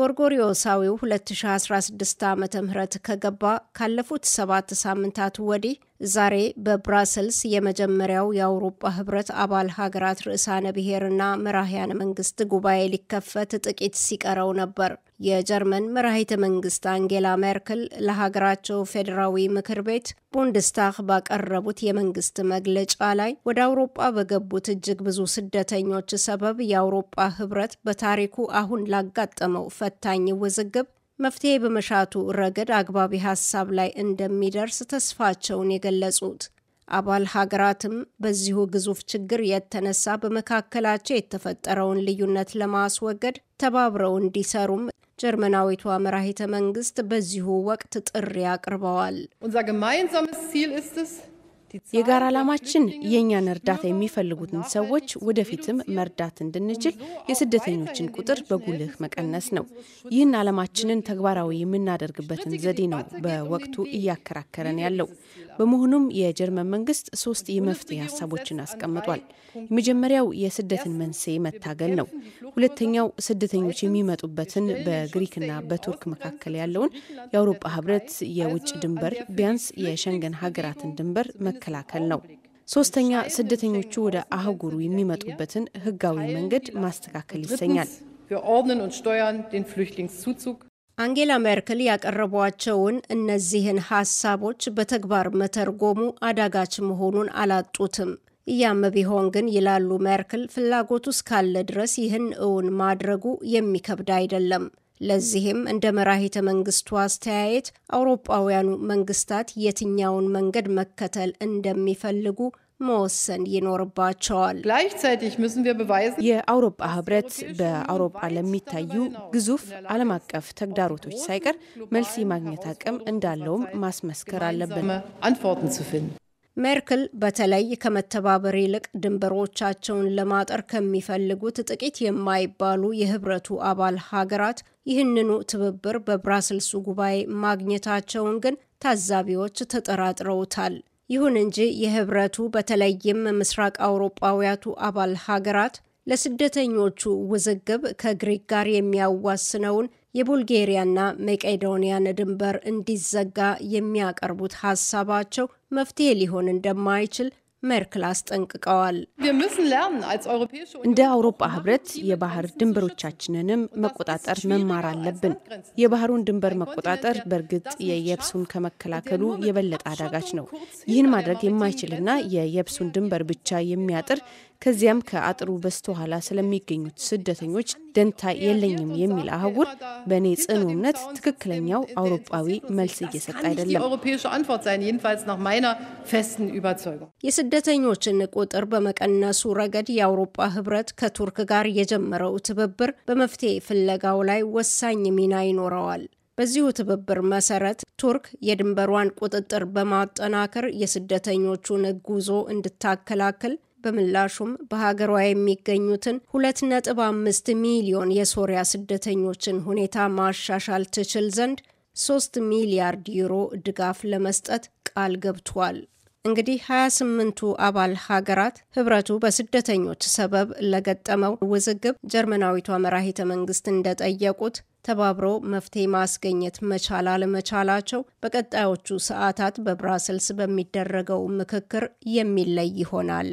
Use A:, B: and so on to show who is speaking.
A: ጎርጎሪዮሳዊው 2016 ዓ ም ከገባ ካለፉት ሰባት ሳምንታት ወዲህ ዛሬ በብራሰልስ የመጀመሪያው የአውሮፓ ህብረት አባል ሀገራት ርዕሳነ ብሔርና መራህያነ መንግስት ጉባኤ ሊከፈት ጥቂት ሲቀረው ነበር። የጀርመን መራሂተ መንግስት አንጌላ ሜርክል ለሀገራቸው ፌዴራዊ ምክር ቤት ቡንድስታግ ባቀረቡት የመንግስት መግለጫ ላይ ወደ አውሮጳ በገቡት እጅግ ብዙ ስደተኞች ሰበብ የአውሮጳ ህብረት በታሪኩ አሁን ላጋጠመው ፈታኝ ውዝግብ መፍትሄ በመሻቱ ረገድ አግባቢ ሀሳብ ላይ እንደሚደርስ ተስፋቸውን የገለጹት አባል ሀገራትም በዚሁ ግዙፍ ችግር የተነሳ በመካከላቸው የተፈጠረውን ልዩነት ለማስወገድ ተባብረው እንዲሰሩም ጀርመናዊቷ መራሂተ መንግስት በዚሁ ወቅት ጥሪ አቅርበዋል። የጋራ ዓላማችን የእኛን
B: እርዳታ የሚፈልጉትን ሰዎች ወደፊትም መርዳት እንድንችል የስደተኞችን ቁጥር በጉልህ መቀነስ ነው። ይህን አለማችንን ተግባራዊ የምናደርግበትን ዘዴ ነው በወቅቱ እያከራከረን ያለው። በመሆኑም የጀርመን መንግስት ሶስት የመፍትሄ ሀሳቦችን አስቀምጧል። የመጀመሪያው የስደትን መንስኤ መታገል ነው። ሁለተኛው ስደተኞች የሚመጡበትን በግሪክና በቱርክ መካከል ያለውን የአውሮፓ ህብረት የውጭ ድንበር ቢያንስ የሸንገን ሀገራትን ድንበር መከላከል ነው። ሶስተኛ ስደተኞቹ ወደ አህጉሩ የሚመጡበትን ህጋዊ መንገድ ማስተካከል ይሰኛል።
A: አንጌላ ሜርክል ያቀረቧቸውን እነዚህን ሀሳቦች በተግባር መተርጎሙ አዳጋች መሆኑን አላጡትም። እያመ ቢሆን ግን ይላሉ ሜርክል፣ ፍላጎቱ እስካለ ድረስ ይህን እውን ማድረጉ የሚከብድ አይደለም። ለዚህም እንደ መራሂተ መንግስቱ አስተያየት አውሮፓውያኑ መንግስታት የትኛውን መንገድ መከተል እንደሚፈልጉ መወሰን ይኖርባቸዋል። የአውሮፓ ህብረት በአውሮፓ ለሚታዩ ግዙፍ ዓለም አቀፍ ተግዳሮቶች ሳይቀር መልስ የማግኘት አቅም እንዳለውም ማስመስከር አለብን። ሜርክል በተለይ ከመተባበር ይልቅ ድንበሮቻቸውን ለማጠር ከሚፈልጉት ጥቂት የማይባሉ የህብረቱ አባል ሀገራት ይህንኑ ትብብር በብራስልሱ ጉባኤ ማግኘታቸውን ግን ታዛቢዎች ተጠራጥረውታል። ይሁን እንጂ የህብረቱ በተለይም ምስራቅ አውሮጳውያቱ አባል ሀገራት ለስደተኞቹ ውዝግብ ከግሪክ ጋር የሚያዋስነውን የቡልጌሪያና መቄዶንያን ድንበር እንዲዘጋ የሚያቀርቡት ሀሳባቸው መፍትሄ ሊሆን እንደማይችል ሜርክል አስጠንቅቀዋል። እንደ አውሮፓ ህብረት የባህር ድንበሮቻችንንም መቆጣጠር መማር
B: አለብን። የባህሩን ድንበር መቆጣጠር በእርግጥ የየብሱን ከመከላከሉ የበለጠ አዳጋች ነው። ይህን ማድረግ የማይችልና የየብሱን ድንበር ብቻ የሚያጥር ከዚያም ከአጥሩ በስተኋላ ስለሚገኙት ስደተኞች ደንታ የለኝም የሚል አህጉር
A: በእኔ ጽኑ እምነት ትክክለኛው አውሮፓዊ መልስ እየሰጠ አይደለም። የስደተኞችን ቁጥር በመቀነሱ ረገድ የአውሮፓ ህብረት ከቱርክ ጋር የጀመረው ትብብር በመፍትሄ ፍለጋው ላይ ወሳኝ ሚና ይኖረዋል። በዚሁ ትብብር መሰረት ቱርክ የድንበሯን ቁጥጥር በማጠናከር የስደተኞቹን ጉዞ እንድታከላክል በምላሹም በሀገሯ የሚገኙትን 2.5 ሚሊዮን የሶሪያ ስደተኞችን ሁኔታ ማሻሻል ትችል ዘንድ ሶስት ሚሊያርድ ዩሮ ድጋፍ ለመስጠት ቃል ገብቷል። እንግዲህ 28ቱ አባል ሀገራት ህብረቱ በስደተኞች ሰበብ ለገጠመው ውዝግብ ጀርመናዊቷ መራሂተ መንግስት እንደጠየቁት ተባብሮ መፍትሄ ማስገኘት መቻል አለመቻላቸው በቀጣዮቹ ሰዓታት በብራስልስ በሚደረገው ምክክር የሚለይ ይሆናል።